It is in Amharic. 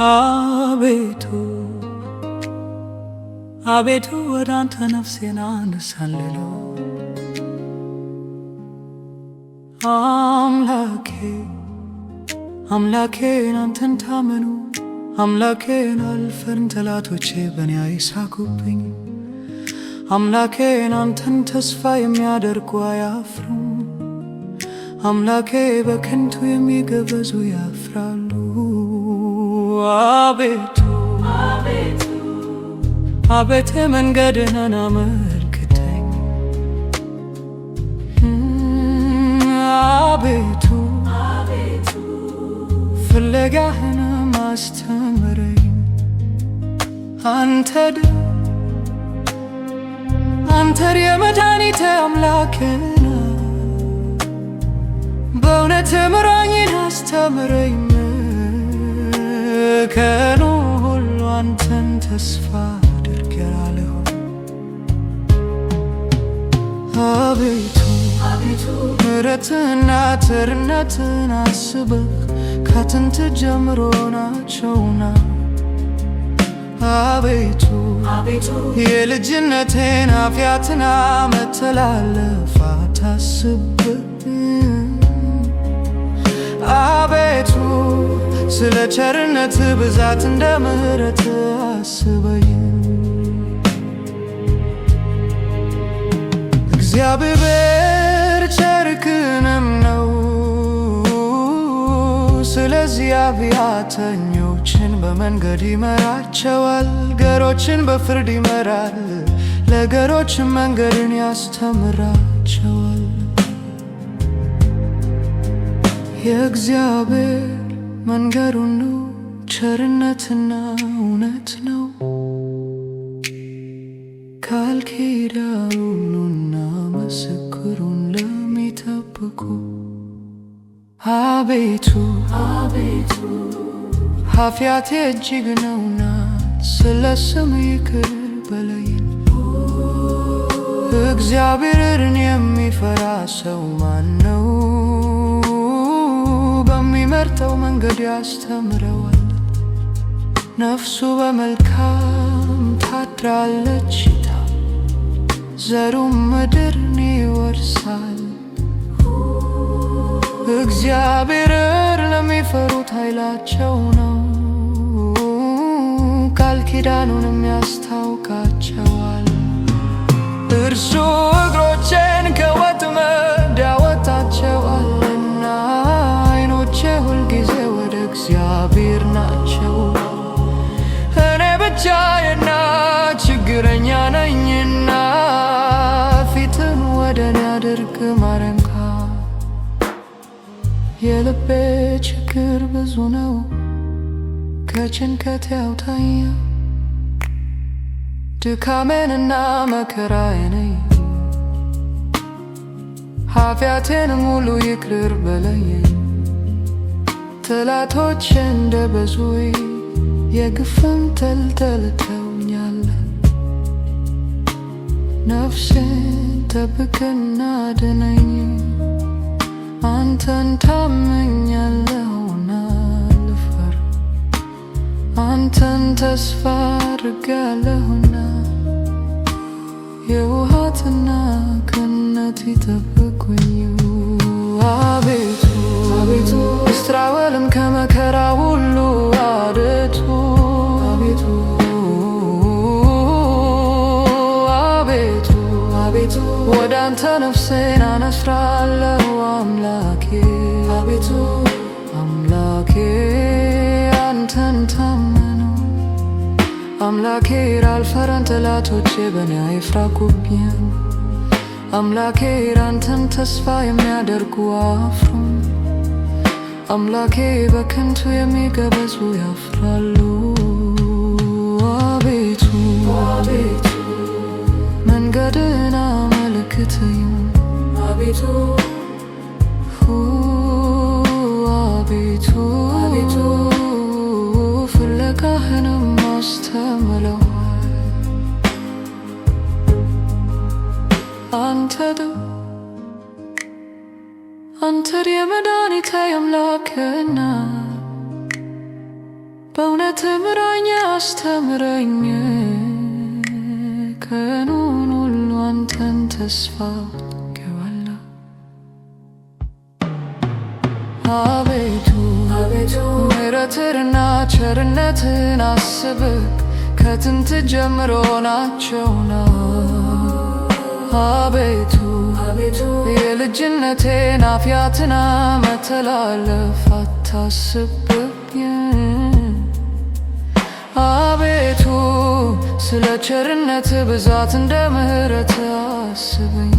አቤቱ አቤቱ ወደ አንተ ነፍሴን አነሳለሁ አምላኬ አምላኬን አንተን ታመኑ አምላኬን አልፈርን ጠላቶቼ በእኔ አይሳኩብኝ አምላኬን አንተን ተስፋ የሚያደርጉ አያፍሩም አምላኬ በከንቱ የሚገበዙ ያፍራሉ አቤቱ አቤቱ መንገድህን አመልክተኝ አቤቱ ፍለጋህን አስተምረኝ አንተ አንተር የመድኃኒቴ አምላክ በእውነት ምራኝን አስተምረኝ ከኑ ሁሉ አንተን ተስፋ አድርጌያለሁ አቤቱ ምሕረትና ቸርነትን አስበህ ከጥንት ጀምሮ ናቸውና አቤቱ የልጅነቴን ኃጢአትና መተላለፍ አታስብብኝ አቤቱ ስለ ቸርነት ብዛት እንደ ምሕረት አስበኝ እግዚአብሔር ቸርክንም ነው። ስለዚህ አብያተኞችን በመንገድ ይመራቸዋል፣ ገሮችን በፍርድ ይመራል፣ ለገሮችን መንገድን ያስተምራቸዋል የእግዚአብሔር መንገድ ሁሉ ቸርነትና እውነት ነው። ቃል ምስክሩን ለሚጠብቁ አቤቱ አቤቱ ኃጢአቴ እጅግ ነውና ስለ ስም ይቅር በለኝ። እግዚአብሔርን የሚፈራ ሰው ማን ነው? መርጠው መንገድ ያስተምረዋል። ነፍሱ በመልካም ታድራለች ይታ ዘሩም ምድርን ይወርሳል። እግዚአብሔር ለሚፈሩት ኃይላቸው ነው፣ ቃል ኪዳኑንም ያስታውቃቸዋል። እርሱ ልቤ ችግር ብዙ ነው፣ ከጭንቀት ያውጣኛ ድካሜንና መከራዬን ኃጢአቴን ሙሉ ይቅር በለኝ። ጠላቶች እንደ በዙ የግፍም ጥል ጠልተውኛል። ነፍሴን ጠብቅና አድነኝ። አንተን ታመኛለሁና ልፈር አንተን ተስፋ አድርጋለሁና የውሃትና ክነት ይጠብቁኝ አቤቱ አቤቱ እስራኤልን ከመ አቤቱ ወደ አንተ ነፍሴን አነስራለሁ አምላኬ አቤቱ አምላኬ አንተን ታመኑ አምላኬ ራልፈረን ጠላቶቼ በእኔ አምላኬ ራንተን ተስፋ የሚያደርጉ አፍሩ አምላኬ በከንቱ የሚገበዙ ያፍራሉ አቤቱ አቤቱ ፍለጋህንም አስተምለው አንተድ አንተድ የመድኃኒቴ አምላክና በእውነት ምራኝ ተስፋ ቸርነትን አስብ ከጥንት ጀምሮ ናቸውና አቤቱ የልጅነቴን አፍያትና መተላለፍ አታስብብኝ አቤቱ ስለ ቸርነት ብዛት እንደ ምሕረት አስበኝ